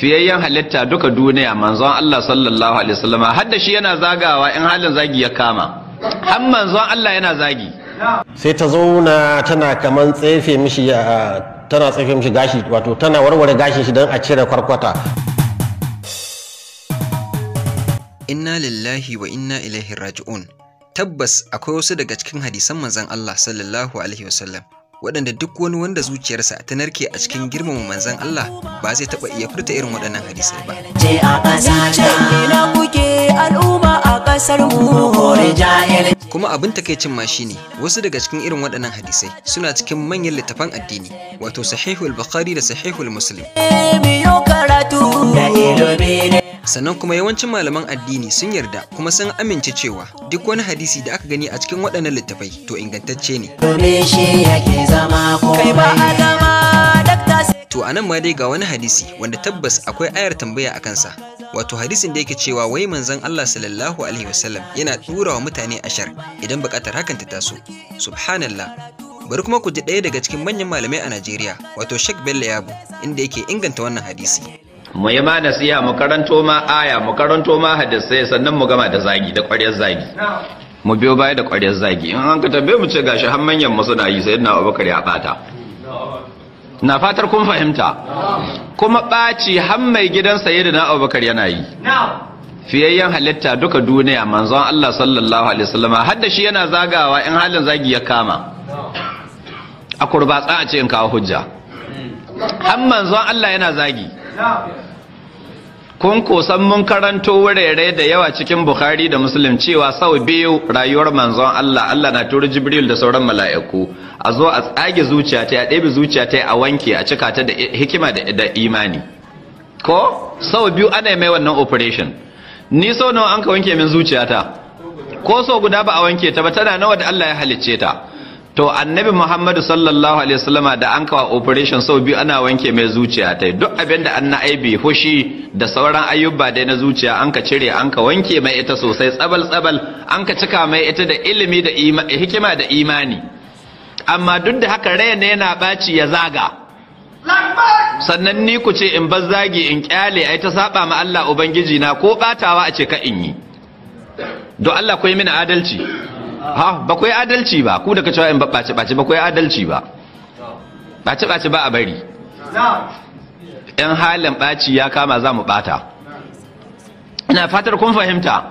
fiyayyen halitta duka duniya manzon Allah sallallahu alaihi har hadda shi yana zagawa in halin zagi ya kama har manzon Allah yana zagi sai ta zauna tana kaman tsefe mishi tana tsefe mishi gashi wato tana warware gashin shi don a cire kwarkwata inna lillahi wa inna ilaihi raji'un tabbas akwai wasu daga cikin hadisan manzon Allah sallallahu alaihi wasallam waɗanda duk wani wanda zuciyarsa ta narke a cikin girmama manzan Allah ba zai taɓa iya furta irin waɗannan hadisai ba. Kuma abin takaicin ma shine wasu daga cikin irin waɗannan hadisai suna cikin manyan littafan addini wato sahihul bukhari da sahihul muslim. Eh, sannan kuma yawancin malaman addini sun yarda kuma sun amince cewa duk wani hadisi da aka gani a cikin waɗannan littafai to ingantacce ne to a nan ma dai ga wani hadisi wanda tabbas akwai ayar tambaya a kansa wato hadisin da yake cewa wai manzon Allah sallallahu alaihi wasallam yana tura wa mutane ashar idan bukatar hakan ta taso subhanallah bari kuma ku ji ɗaya daga cikin manyan malamai a Najeriya wato Sheikh Bello Yabo inda yake inganta wannan hadisi mu yi ma nasiha mu karanto ma aya mu karanto ma hadisai sannan mu gama da zagi da ƙwaryar zagi mu biyo baya da ƙwaryar zagi in an ka tambaye mu ce gashi har manyan mu suna yi sayyidina Abubakar ya bata na fatar kun fahimta kuma ɓaci har mai gidan sayyidina Abubakar yana yi fiyayyen halitta duka duniya manzon Allah sallallahu alaihi wasallam har da shi yana zagawa in halin zagi ya kama a kurbatsa a ce in kawo hujja har manzon Allah yana zagi kun kusan mun karanto wurare da yawa cikin bukhari da muslim cewa sau biyu rayuwar manzon Allah Allah na turi jibril da sauran mala'iku a zo a tsage zuciya ta a ɗebe zuciya ta a wanke a cika ta da hikima da imani ko sau biyu ana mai wannan operation ni so nawa an ka wanke min zuciya ta ko so guda ba a wanke ta ba tana nawa da Allah ya halicce ta to annabi muhammadu sallallahu alaihi wasallama da an kawo operation sau biyu ana wanke mai zuciya ta duk abin da anna na aibi hushi da sauran ayyuba dai na zuciya an ka cire an ka wanke mai ita sosai tsabal tsabal an ka cika mai ita da ilimi da hikima da imani amma duk da haka raina yana baci ya zaga sannan ni ku ce in bar zagi in kyale ai ta saba ma Allah ubangiji na ko batawa a ce ka in yi don Allah ku yi mini adalci ha ba ku yi adalci ba ku daga cewa in ba ɓace ɓace ba ku yi adalci ba ɓace ɓace ba a bari Yan halin ɓaci ya kama za mu ɓata ina fatar kun fahimta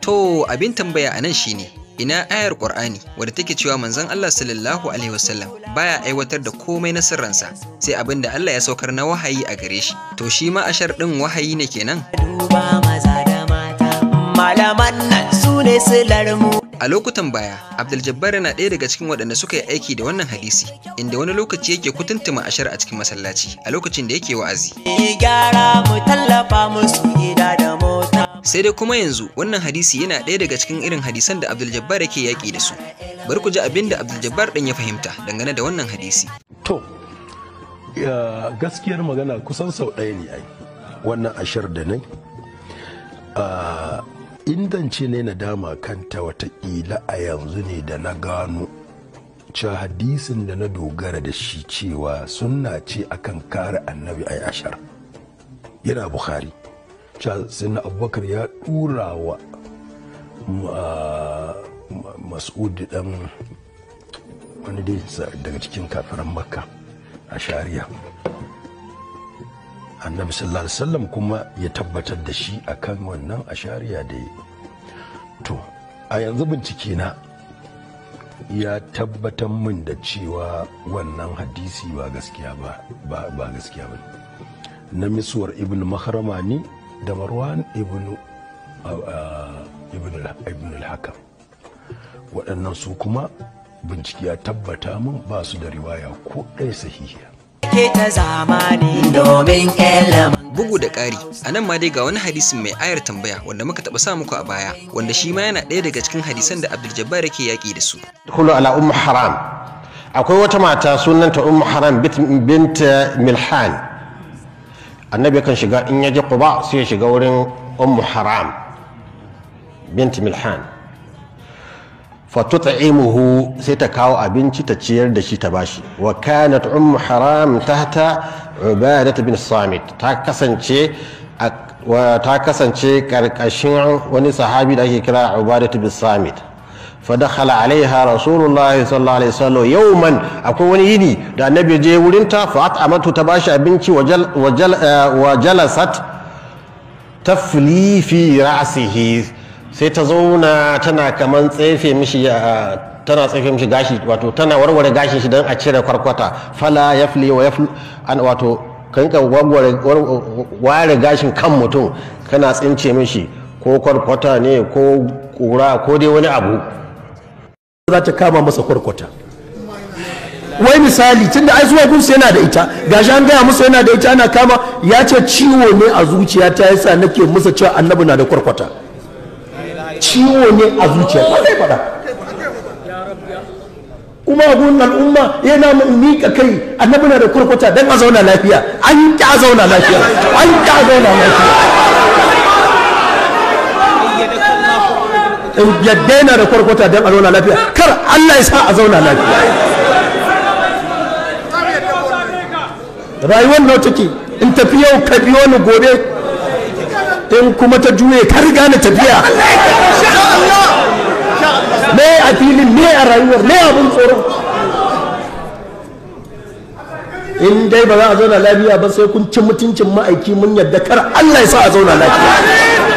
to abin tambaya a nan shine ina ayar ƙur'ani wadda take cewa manzon Allah sallallahu alaihi wasallam baya aiwatar da komai na sirransa sai abin da Allah ya saukar na wahayi a gare shi to shi ma shar ɗin wahayi ne kenan duba maza malaman nan su ne mu. A lokutan baya, Abdul Jabbar yana ɗaya daga cikin waɗanda suka yi aiki da wannan hadisi, inda wani lokaci yake kutuntuma a a cikin masallaci a lokacin da yake wa'azi. Gyara mu tallafa musu da Sai dai kuma yanzu wannan hadisi yana ɗaya daga cikin irin hadisan da Abdul Jabbar yake yaƙi da su. Bari ku ji abin da Abdul Jabbar ɗin ya fahimta dangane da wannan hadisi. To, gaskiyar magana kusan sau ɗaya ne ai, wannan ashar da nai. Ah, indance ne na dama kanta watakila a yanzu ne da na gano cewa hadisin da na dogara da shi cewa sunna ce akan kare annabi a ashar yana buhari cewa sunna abubakar ya dura wa mm, mas'ud dan wani dai daga cikin kafiran makka a shari'a annabi sallallahu alaihi wasallam kuma ya tabbatar da shi akan wannan ashariya da yi to a yanzu bincike na ya tabbatar min da cewa wannan hadisi ba gaskiya ba ba gaskiya ba na misuwar ibn mahrama ne da marwan ibn ibn al-hakam waɗannan su kuma bincike ya tabbata min ba su da riwaya ko ɗaya sahihiya take ta zamani domin ilimin bugu da ƙari a nan ma dai ga wani hadisin mai ayar tambaya wanda muka taɓa sa muku a baya wanda shi ma yana ɗaya daga cikin hadisan da abdul jabbar yake yaƙi da su kulu ala ummu haram akwai wata mata sunanta ummu haram bint milhan annabi kan shiga in ya ji quba sai ya shiga wurin ummu haram bint milhan fatuta imuhu sai ta kawo abinci ta ciyar da shi ta bashi wa kanat ummu haram tahta ubadat bin samit ta kasance wa ta kasance karkashin wani sahabi da ake kira ubadat bin samit fa dakhala alaiha rasulullahi sallallahu alaihi wasallam yawman akwai wani yini da annabi je wurin ta fa at'amatu ta bashi abinci wa eh, jalasat tafli fi ra'sihi sai ta zauna tana kaman tsefe mishi tana tsefe mishi gashi wato tana warware gashin shi don a cire kwarkwata fala fili wa yaflu an wato kanka ware gashin kan mutum kana tsince mishi ko kwarkwata ne ko kura ko dai wani abu za ta kama masa kwarkwata wai misali tunda ai zuwa gunsu yana da ita gashi an gaya musu yana da ita ana kama ya ce ciwo ne a zuciya ta yasa nake musa cewa annabi na da kwarkwata ciwo ne a zuciya ba zai fada kuma abun nan umma yana miƙa kai annabi na da kurkuta dan a zauna lafiya an yi ka zauna lafiya an ƙi a zauna lafiya ya daina da kurkuta dan a zauna lafiya kar Allah ya sa a zauna lafiya rayuwar nau take in tafi yau ka biyo ni gobe in kuma ta juye ta riga na tafiya me a filin me a rayuwar me abin tsoro in dai ba za a zauna lafiya ba sai kun ci mutuncin ma'aiki mun yadda kar Allah ya sa a zauna lafiya